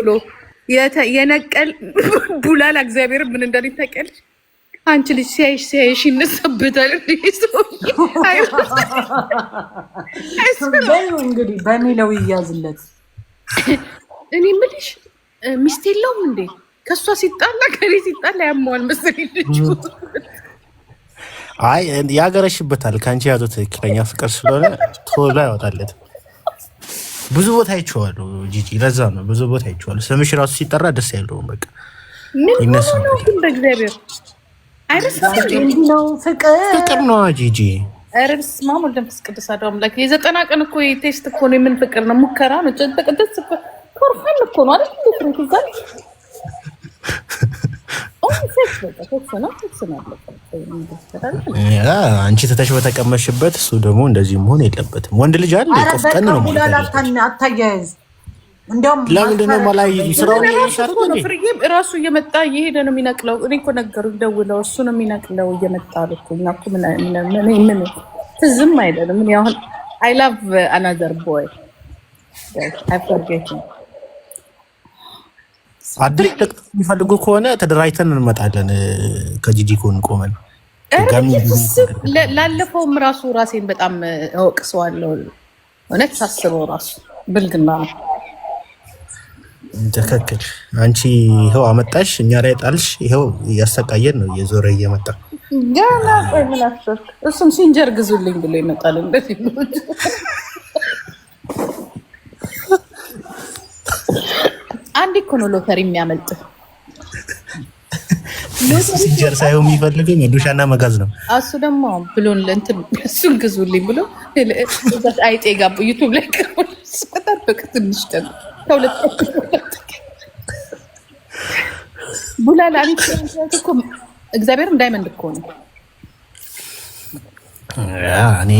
ብሎ የነቀል ቡላላ እግዚአብሔር ምን እንደኔ አንቺ ልጅ ሲያይሽ ሲያይሽ ይነሳበታል። እንግዲህ በሚለው ይያዝለት። እኔ ምልሽ ሚስት የለውም እንዴ? ከእሷ ሲጣላ ከኔ ሲጣላ ያመዋል መሰለኝ ልጁ። አይ ያገረሽበታል። ከአንቺ ያዘው ትክክለኛ ፍቅር ስለሆነ ቶሎ አይወጣለትም። ብዙ ቦታ አይቼዋለሁ ጂጂ። ለዛ ነው ብዙ ቦታ አይቼዋለሁ። ስምሽ ራሱ ሲጠራ ደስ ያለውን በቃ ምን ነው ግን በእግዚአብሔር ነው ፍቅር ነው ጂጂ። ኧረ በስመ አብ ወወልድ ቅዱስ አሐዱ አምላክ። የዘጠና ቀን እኮ ቴስት እኮ ነው። የምን ፍቅር ነው? ሙከራ ነው። ጭንጥ ቅድስት እኮ ነው አለ ነው አይደል? አንቺ ትተሽ በተቀመሽበት እሱ ደግሞ እንደዚህ መሆን የለበትም። ወንድ ልጅ አለ ቆፍጠን ነው ማለት አታያይዝ። ለምንድን ነው ማላይ ስራውን እራሱ እየመጣ እየሄደ ነው የሚነቅለው። እኔ እኮ ነገሩ ደውለው እሱ ነው የሚነቅለው እየመጣ ልኩኝ ምን ትዝም አይለንም። አሁን አይ ላቭ አናዘር ቦይ አይ አዲስ ጥቅት የሚፈልጉ ከሆነ ተደራጅተን እንመጣለን። ከጂጂ ኮን ቆመን ላለፈውም ራሱ ራሴን በጣም እወቅሰዋለሁ። እውነት ሳስበው ራሱ ብልግና ነው። ትክክል። አንቺ ይኸው አመጣሽ፣ እኛ ላይ ጣልሽ። ይኸው እያሰቃየን ነው እየዞረ እየመጣ ገና ምን አሰብክ? እሱም ሲንጀር ግዙልኝ ብሎ ይመጣል እንደፊት አንድ እኮ ነው ሎተሪ የሚያመልጥ ሲንጀር ሳይሆን የሚፈልገኝ መዶሻና መጋዝ ነው። እሱ ደግሞ ብሎን ለእንትን እሱን ግዙልኝ ብሎ አይጤ ጋር ዩቱብ ላይ ጠበቅ ትንሽ ቀን ከሁለት ቡላል እኮ እግዚአብሔር እንዳይመንድ እኮ ነው። እኔ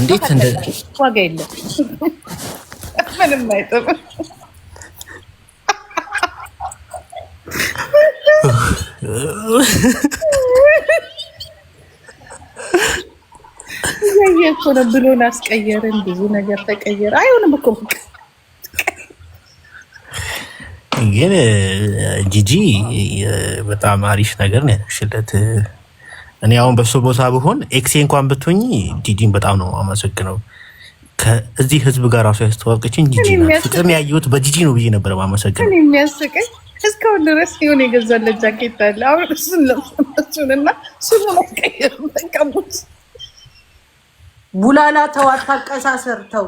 እንዴት ዋጋ የለም ምንም አይጥም እያየ እኮ ነው ብሎ ብዙ ነገር ተቀየረ። አይሆንም እኮ ግን ጂጂ በጣም አሪፍ ነገር ነው እኔ አሁን በሱ ቦታ ብሆን ኤክሴ እንኳን ብትሆኝ ጂጂን በጣም ነው አመሰግነው። ህዝብ ጋር ራሱ ያስተዋወቀችኝ ጂጂ ናት። ፍቅርን ያየሁት በጂጂ ነው ብዬ ነበር ማመሰግነው። እስካሁን ድረስ የሆነ የገዛለት ጃኬት አለ። አሁን እሱን ለብሱን እና እሱን ለማስቀየር ተቀሙት። ቡላላ ተው፣ አታቀሳሰር ተው።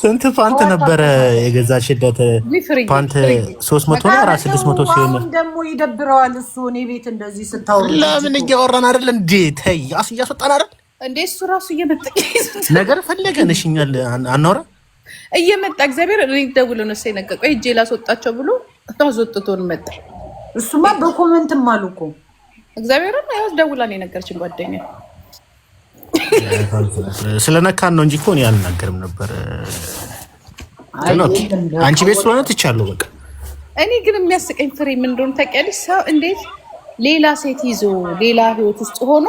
ስንት ፓንት ነበረ የገዛሽለት? ፓንት ሶስት መቶ ነው አራት ስድስት መቶ ሲሆን ደግሞ ይደብረዋል። እሱ እኔ ቤት እንደዚህ ስታወሩ ለምን እያወራን አይደል እንዴ? ተይ አስ እያስወጣን አይደል እንዴ? እሱ ራሱ እየመጠቀ ነገር ፈለገ ነሽኛል። አናውራ እየመጣ እግዚአብሔር ደውሎ ነው ሳይነቀቀ እጄ ላስወጣቸው ብሎ አስወጥቶን መጣ። እሱማ በኮመንትም አሉ እኮ እግዚአብሔርን ያው ደውላ ነው የነገረችን ጓደኛ ስለነካን ነው እንጂ እኮ እኔ አልናገርም ነበር። አንቺ ቤት ስለሆነ ትቻለሁ። በቃ እኔ ግን የሚያስቀኝ ፍሬ ምን እንደሆነ ታውቂያለሽ? ሰው እንዴት ሌላ ሴት ይዞ ሌላ ህይወት ውስጥ ሆኖ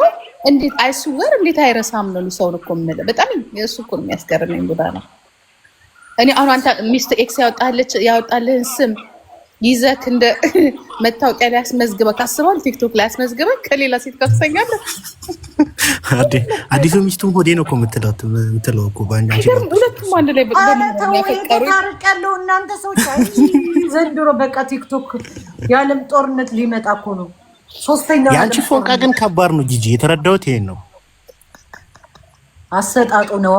እንዴት አይስወር እንዴት አይረሳም ነው ሰውን እኮ በጣም እሱ እኮ የሚያስገርመኝ ነው። እኔ አሁን አንተ ሚስት ኤክስ ያወጣልህን ስም ይዘህ እንደ መታወቂያ ላይ አስመዝግበህ ካስባል ቲክቶክ ላይ አስመዝግበህ ከሌላ ሴት ጋር ትሰኛለህ። አዲሱ ሚስቱም ሆዴ ነው እኮ የምትለው እኮ ሁለቱም አንድ ላይ ያፈቀሩቀለው እናንተ ሰዎች ዘንድሮ በቃ ቲክቶክ የዓለም ጦርነት ሊመጣ እኮ ነው። ሶስተኛ የአንቺ ፎቃ ግን ከባድ ነው ጂጂ። የተረዳሁት ይሄን ነው። አሰጣጡ ነዋ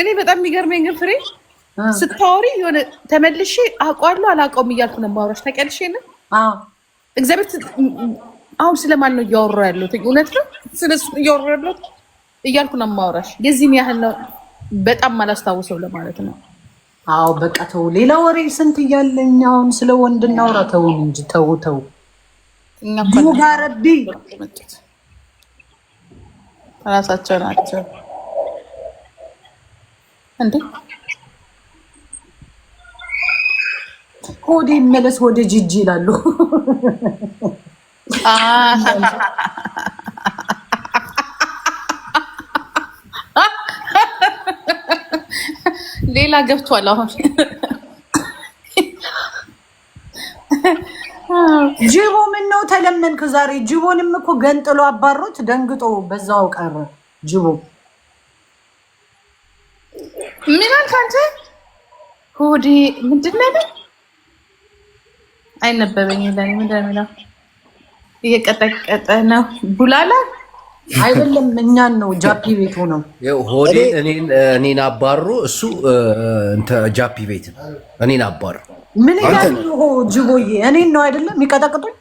እኔ በጣም የሚገርመኝ ግን ፍሬ ስታወሪ የሆነ ተመልሼ አውቀዋለሁ አላውቀውም እያልኩ ነው የማወራሽ። ታውቂያለሽ ነ እግዚአብሔር። አሁን ስለማን ነው እያወራ ያለሁት? እውነት ነው ስለሱ እያወራ ያለሁት እያልኩ ነው የማወራሽ። የዚህን ያህል ነው። በጣም አላስታውሰው ለማለት ነው አዎ በቃ ተው፣ ሌላ ወሬ ስንት እያለኝ አሁን ስለ ወንድ እናውራ። ተውን እንጂ ተው ተው። ሙባረቢ ራሳቸው ናቸው እንዴ? ወደ ይመለስ ወደ ጅጅ ይላሉ። ሌላ ገብቷል አሁን ጅቦ ምን ነው ተለመንክ ዛሬ? ጅቦንም እኮ ገንጥሎ አባሮት ደንግጦ በዛው ቀረ። ጅቦ ምን አልክ አንተ? ሆዴ ምንድን ነው አይነበበኝ ለኔ ምንድን ነው እየቀጠቀጠ ነው ቡላላ አይደለም እኛን ነው ጃፒ ቤት ሆነው ሆዴ እኔን አባሩ እሱ ጃፒ ቤት ነው። እኔን አባሩ ምን ያህል ጅቦዬ እኔን ነው አይደለም የሚቀጠቅጡኝ።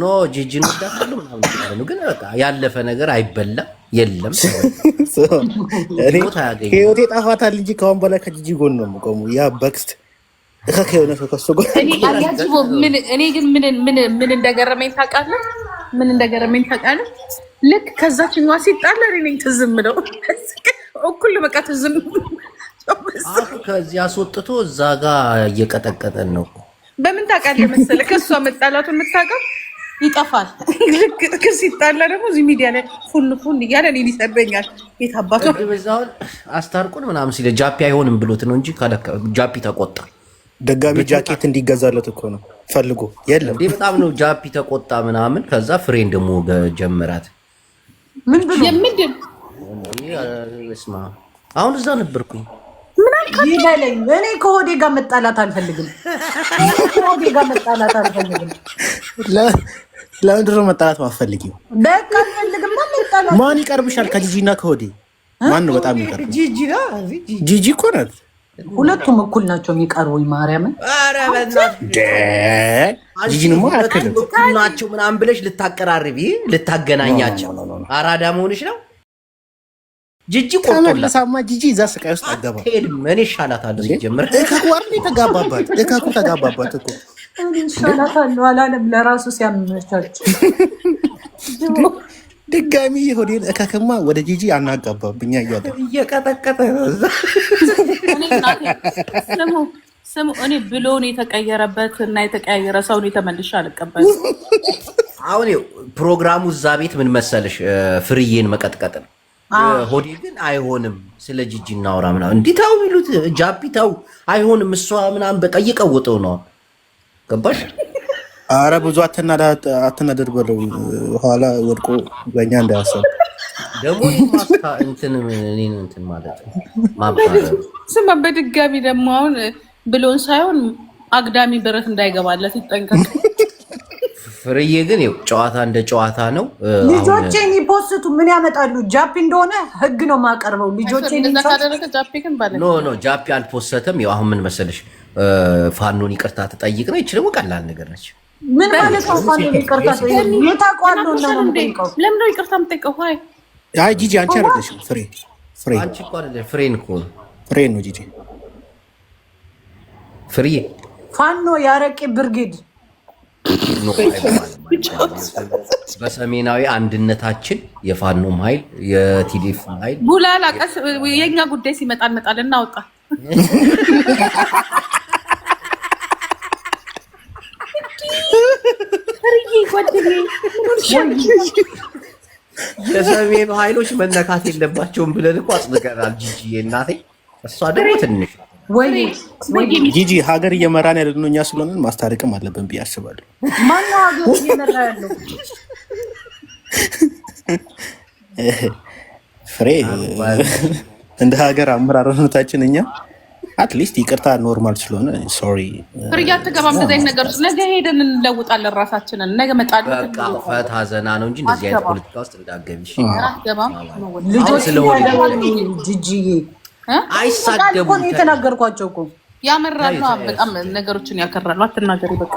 ኖ ጂጂ እንዳሉ ምናምን ግን ያለፈ ነገር አይበላም። የለም ህይወቴ ጣፋታል እንጂ ከአሁን በላይ ከጂጂ ጎን ነው የምቆሙ። ያ በክስት ከሆነ ከሱ ጎን እኔ ግን ምን እንደገረመኝ ታውቃለህ ምን እንደገረመኝ ታውቃለህ? ልክ ከዛችኛዋ ሲጣላ እኔ ነኝ ትዝ የምለው እኩል በቃ ትዝ ከዚህ አስወጥቶ እዛ ጋር እየቀጠቀጠን ነው። በምን ታውቃለህ መሰለህ? ከእሷ መጣላቱን የምታውቀው ይጠፋል። ልክ ሲጣላ ደግሞ እዚህ ሚዲያ ላይ ፉን ፉን እያለ እኔን ይሰድበኛል። የት አባቱ አስታርቁን ምናምን ሲለ ጃፒ አይሆንም ብሎት ነው እንጂ ጃፒ ተቆጣ። ደጋሚ ጃኬት እንዲገዛለት እኮ ነው ፈልጎ የለም። በጣም ነው ጃፒ ተቆጣ ምናምን። ከዛ ፍሬን ደግሞ ጀመራት። አሁን እዛ ነበርኩኝ። ይበለኝ። እኔ ከሆዴ ጋር መጣላት አልፈልግም። ከሆዴ ጋር መጣላት አልፈልግም። ለምንድን ነው መጣላት ማን ይቀርብሻል? ከጂጂና ከሆዴ ማን ነው በጣም ይቀርብ? ጂጂ እኮ ናት ሁለቱም እኩል ናቸው የሚቀርቡ ማርያምን ልጅንማ ናቸው ምናምን ብለሽ ልታቀራርቢ ልታገናኛቸው አራዳ መሆንሽ ነው። ጅጂ ቆርጦላሳማ ጂጂ እዛ ስቃይ ውስጥ አገባ ምን ይሻላታል? ጀምር እከኳር ተጋባባት እከኩ ተጋባባት እኮ ይሻላታል አላለም ለራሱ ሲያመቻቸው ድጋሚ ሆዴን እከክማ ወደ ጂጂ አናጋባብኛ እያለ እየቀጠቀጠ ስሙ እኔ ብሎን የተቀየረበት እና የተቀያየረ ሰውን የተመልሼ አልቀበል። አሁን ፕሮግራሙ እዛ ቤት ምን መሰለሽ ፍርዬን መቀጥቀጥ ነው። ሆዴ ግን አይሆንም፣ ስለ ጂጂ እናውራ ምናምን እንዲህ ተው የሚሉት ጃፒ ተው አይሆንም፣ እሷ ምናምን በቃ እየቀወጠው ነው ገባሽ አረ ብዙ አትናደድ በለው፣ ኋላ ወድቆ በእኛ እንዳያሰብ ደግሞ ስማ በድጋሚ ደግሞ አሁን ብሎን ሳይሆን አግዳሚ ብረት እንዳይገባለት ይጠንቀቅ። ፍርዬ ግን ጨዋታ እንደ ጨዋታ ነው። ልጆቼ የሚፖስቱ ምን ያመጣሉ? ጃፒ እንደሆነ ህግ ነው የማቀርበው። ልጆቼ ጃፒ አልፖሰተም። አሁን ምን መሰለሽ ፋኖን ይቅርታ ትጠይቅ ነው። ይች ደግሞ ቀላል ነገር ነች። ምን ማለት ነው? ይቅርታ የታውቀዋለሁ ነው። ይቅርታ የምጠይቀው? አይ ጂጂ አንቺ ፋኖ ያረቄ ብርጌድ በሰሜናዊ አንድነታችን የፋኖም ኃይል የቲዲኤፍም ኃይል ቡላላ ቀስ የእኛ ጉዳይ ሲመጣ እንመጣለን። እናውጣ የሰሜኑ ኃይሎች መነካት የለባቸውም ብለን እኮ አጽድቀናል። ጂጂ እናቴ፣ እሷ ደግሞ ትንሽ ጂጂ ሀገር እየመራን ያለነው እኛ ስለሆንን ማስታረቅም አለብን ብዬ አስባለሁ። ማነው ሀገር እየመራ ያለው? ፍሬ እንደ ሀገር አመራርነታችን እኛ አትሊስት ይቅርታ ኖርማል ስለሆነ ሶሪ ፍርያት ገባም እንደዚህ ነገር ነገ ሄደን እንለውጣለን ራሳችንን ነገ መጣለን ፈታ ዘና ነው እንጂ እንደዚህ አይነት ፖለቲካ ውስጥ እንዳገብሽ ገባም ልጆች ስለሆነ ጅጅዬ አይሳደቡም የተናገርኳቸው እኮ ያመራሉ በጣም ነገሮችን ያከራሉ። አትናገሪ በቃ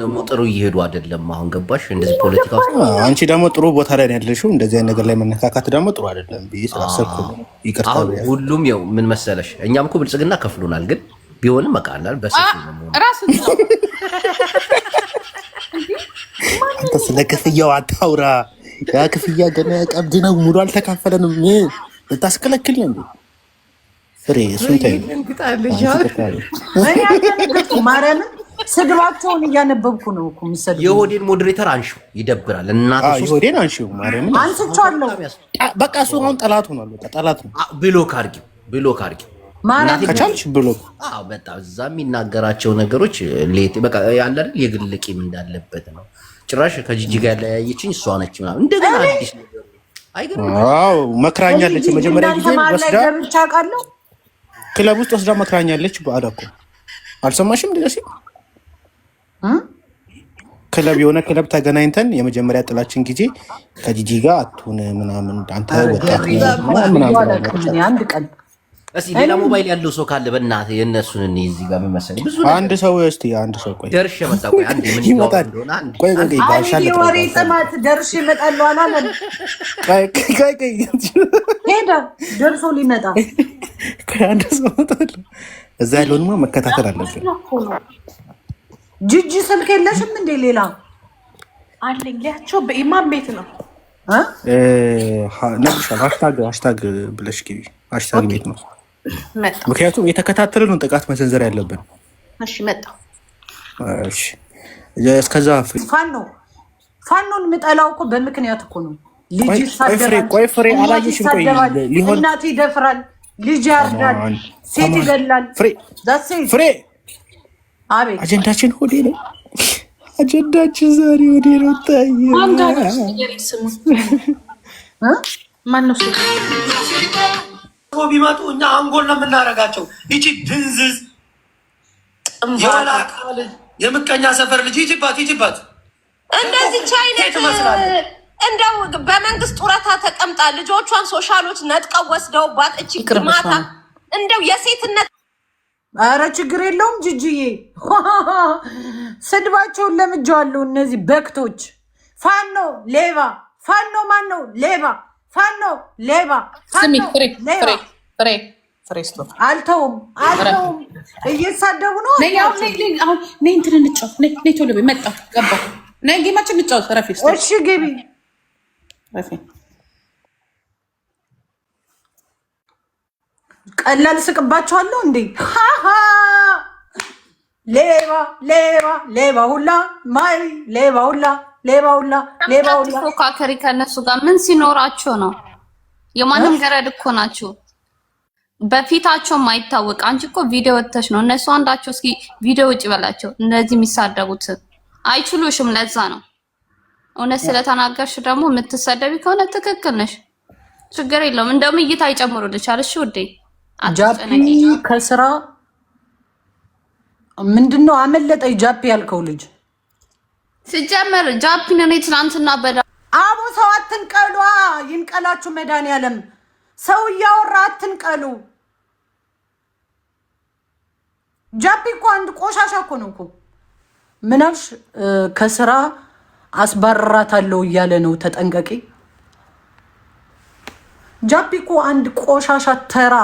ደግሞ ጥሩ እየሄዱ አይደለም። አሁን ገባሽ? እንደዚህ ፖለቲካ ውስጥ አንቺ ደግሞ ጥሩ ቦታ ላይ ያለሽው እንደዚህ ነገር ላይ መነካካት ደግሞ ጥሩ አይደለም ብዬ ስላሰብኩ ይቅርታ። ሁሉም ምን መሰለሽ፣ እኛም እኮ ብልጽግና ከፍሎናል፣ ግን ቢሆንም መቃናል በራስ አንተ ስለ ክፍያው አታውራ። ያ ክፍያ ገና ቀብድ ነው፣ ሙሉ አልተካፈለንም። ልታስከለክል ነው ፍሬ እሱን ተይው። ማርያምን ስድባቸውን እያነበብኩ ነው እኮ የምትሰድበው። የሆዴን ሞዴሬተር አንሺው፣ ይደብራል። እናትሽ የሆዴን አንሺው። ማርያምን አንስቼዋለሁ። በቃ እሱ አሁን ጠላት ሆኗል። በቃ ጠላት ነው። ብሎክ አድርጊው፣ ብሎክ አድርጊው ከቻልሽ ብሎክ። በጣም እዛ የሚናገራቸው ነገሮች በቃ ያለ አይደል የግል ቂም እንዳለበት ነው። ጭራሽ ከጂጂ ጋር ያለያየችኝ እሷ ነች ምናምን እንደገና አዲስ ነገር መክራኛለች። መጀመሪያ ጊዜ ወስዳ ገብቻ ክለብ ውስጥ ወስዳ መክራኛለች። በአዳ አልሰማሽም? ደሲ ክለብ የሆነ ክለብ ተገናኝተን የመጀመሪያ ጥላችን ጊዜ ከጂጂ ጋር አትሁን ምናምን አንተ ወጣት ምናምን እስኪ ሌላ ሞባይል ያለው ሰው ካለ በእናትህ የእነሱን እኔ እዚህ ጋር ምን መሰለኝ ብዙ አንድ ሰው እስኪ አንድ ሰው ቆይ ደርሼ መጣ። ቆይ አንድ ምን ይመጣል? ቆይ ቆይ ቆይ ጋሻ ለወሬ ጥማት ደርሼ እመጣለሁ አላለም። ቆይ ቆይ ቆይ ቆይ ሄደ ደርሶ ሊመጣ ቆይ አንድ ሰው መጣለ። እዛ ያለውንማ መከታተል አለብን። ጅጅ ስልክ የለሽም እንዴ? ሌላ አለኝ። ሊያቸው በኢማም ቤት ነው ነግሻል። ሀሽታግ ሀሽታግ ብለሽ ግቢ። ሀሽታግ ቤት ነው ምክንያቱም የተከታተለውን ጥቃት መሰንዘር ያለብን። እሺ መጣሁ። እስከዛ ፋኖ ፋኖን የምጠላው እኮ በምክንያት እኮ ነው። ልጅ ይደፍራል፣ ልጅ ያርዳል፣ ሴት ይገላል። ፍሬ አቤት፣ አጀንዳችን ሆዴ ነው። አጀንዳችን ዛሬ ወዴ ነው። ታየ ማን ቢመጡ እኛ አንጎል ነው የምናደርጋቸው። ይቺ ድንዝዝ የምቀኛ ሰፈር ልጅ ይጅባት ይጅባት። እንደዚህ አይነት እንደው በመንግስት ጡረታ ተቀምጣ ልጆቿን ሶሻሎች ነጥቀው ወስደውባት እቺ ግማታ እንደው የሴትነት አረ ችግር የለውም ጅጅዬ፣ ስድባቸውን ለምጃዋለሁ። እነዚህ በክቶች ፋኖ ሌባ፣ ፋኖ ማን ነው ሌባ ፋኖ ሌባ ስሚ ፍሬ ፍሬ ፍሬ አልተውም አልተውም። ነው። ነይ እንትን እንጫወት። ነይ ቶሎ በይ። መጣሁ ገባሁ። ነይ ጌማችን እንጫወት። ረፊ እሺ፣ ግቢ ረፊ። ቀላል ስቅባችኋለሁ እንዴ! ሌባ ሌባ ሌባ ሁላ ማይ ሌባ ሁላ ሌባውላ ሌባውላ ፎካከሪ ከነሱ ጋር ምን ሲኖራቸው ነው? የማንም ገረድ እኮ ናቸው። በፊታቸው ማይታወቅ አንቺ እኮ ቪዲዮ ወጥተሽ ነው። እነሱ አንዳቸው እስኪ ቪዲዮ ውጭ በላቸው። እነዚህ የሚሳደቡት አይችሉሽም። ለዛ ነው እውነት ስለተናገርሽ ደግሞ የምትሰደቢ ከሆነ ትክክል ነሽ። ችግር የለውም። እንደውም እይታ ይጨምሩልሻል። እሺ ውዴ፣ ጃፒ ከስራ ምንድነው አመለጠ ጃፒ ያልከው ልጅ ሲጀመር ጃፒን እኔ ትናንትና በዳ አቡ ሰው አትንቀሉ፣ ይንቀላችሁ መድኃኒዓለም ሰው እያወራ አትንቀሉ። ጃፒ እኮ አንድ ቆሻሻ እኮ ነው እኮ ምናልሽ ከስራ አስባረራታለሁ እያለ ነው። ተጠንቀቂ። ጃፒ እኮ አንድ ቆሻሻ ተራ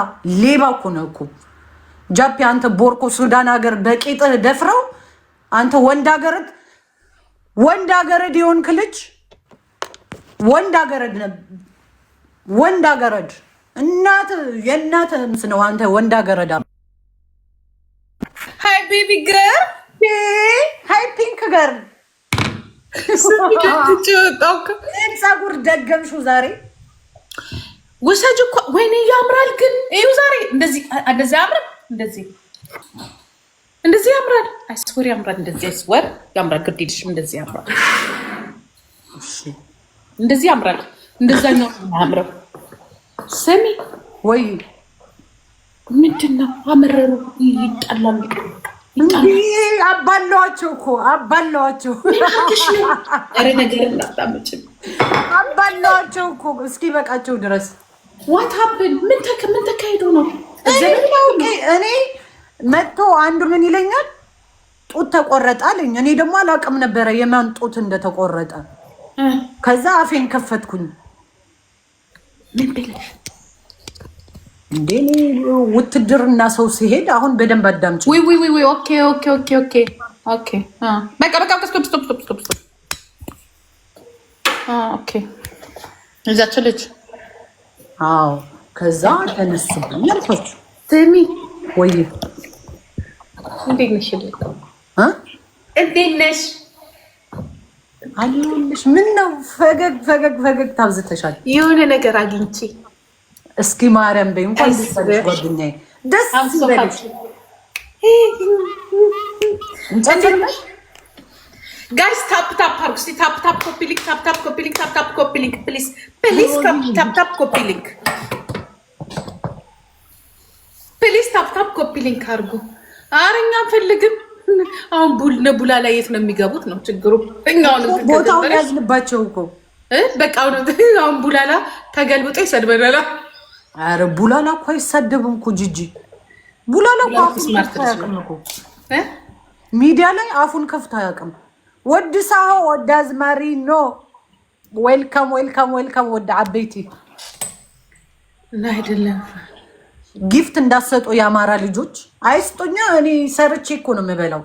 ሌባ እኮ ነው እኮ ጃፒ። አንተ ቦርኮ ሱዳን ሀገር በቂጥህ ደፍረው አንተ ወንድ ሀገርት ወንድ አገረድ የሆንክ ልጅ ወንድ አገረድ ወንድ አገረድ እናት የእናት ምስ ነው። አንተ ወንድ አገረዳ ሀይ ቤቢ ገር ሀይ ፒንክ ገር ፀጉር ደገምሽው ዛሬ ውሰጅ እኮ ወይኔ ያምራል። ግን ይኸው ዛሬ እንደዚህ እንደዚህ አምር እንደዚህ እንደዚህ ያምራል። አይስወር ያምራል። እንደዚህ አይስወር ያምራል። ግድ እንደዚህ ያምራል። እንደዚህ ያምራል። እንደዛኛው ያምረው። ስሚ ወይ ምንድን ነው? አመረሩ። ይጣላል። አባለዋቸው እኮ አባለዋቸው። ነገር እንዳታመጭም አባለዋቸው እኮ እስኪበቃቸው ድረስ ዋት ሀፕን ምን ተካሂዶ ነው? እኔ መጥቶ አንዱ ምን ይለኛል፣ ጡት ተቆረጠ አለኝ። እኔ ደግሞ አላውቅም ነበረ የማን ጡት እንደተቆረጠ። ከዛ አፌን ከፈትኩኝ። እንዴ? ውትድርና ሰው ሲሄድ አሁን በደንብ አዳምጪ። ኦኬ ኦኬ ኦኬ ኦኬ ኦኬ። በቃ በቃ ስቶፕ ስቶፕ ስቶፕ ስቶፕ። ኦኬ እዛች ልጅ አዎ። ከዛ ተነሱ ወይ እንዴት ነሽ? እንዴት ነሽ? አለሁልሽ። ምን ነው ፈገግ ፈገግ ፈገግ ታብዝተሻል። የሆነ ነገር አግኝቼ እስኪ ማርያም በይ። እንኳን ደስ አለሽ ጓደኛዬ፣ ደስ ጋይስ ታፕ ታፕ እስኪ። ታፕ ታፕ ኮፒ ሊንክ፣ ታፕ ታፕ ኮፒ ሊንክ፣ ታፕ ታፕ ኮፒ ሊንክ። ፕሊዝ ፕሊዝ፣ ታፕ ታፕ ኮፒ ሊንክ ፕሊዝ፣ ታፕ ታፕ ኮፒ ሊንክ አድርጉ። ኧረ እኛ አንፈልግም። አሁን ቡል ቡላ ላይ የት ነው የሚገቡት ነው ችግሩ። እኛውን ቦታውን ያዝንባቸው እኮ በቃ አሁን ቡላላ ተገልብጦ ይሰድበናል። አረ ቡላላ እኮ አይሳደብም እኮ ጅጂ ቡላላ እኮ አያውቅም እኮ ሚዲያ ላይ አፉን ከፍቶ አያውቅም። ወድ ሳሆ ወደ አዝማሪ ኖ ዌልካም ዌልካም ዌልካም ወደ አበይቲ እና አይደለም ጊፍት እንዳሰጡ የአማራ ልጆች አይስጡኛ። እኔ ሰርቼ እኮ ነው የምበላው።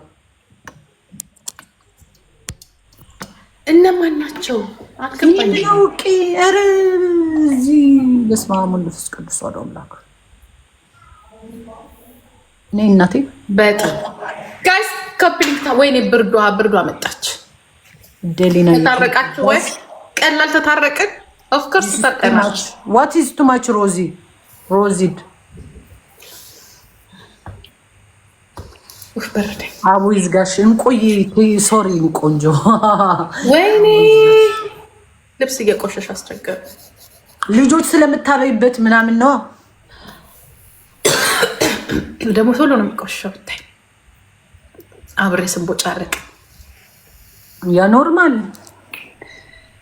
እነማን ናቸው? አውቄ ኧረ እዚህ በስመ አብ ወወልድ ቅዱስ ወደ አምላክ እኔ እናቴ በጣም ጋይስ ከፕሊንግታ ወይኔ ብርዷ ብርዷ መጣች። ደሊና ተታረቃችሁ ወይ? ቀላል ተታረቅን። ኦፍኮርስ ተታረቅናችሁ። ዋት ኢዝ ቱ ማች ሮዚ ሮዚድ አቡ ይዝጋሽ። እንቆይ ሶሪ፣ ቆንጆ ወይኔ፣ ልብስ እየቆሸሽ አስቸገር ልጆች ስለምታበይበት ምናምን ነው። ደግሞ ቶሎ ነው የሚቆሸሸው። ብታይ አብሬ ስንቦጫረቅ ያ ኖርማል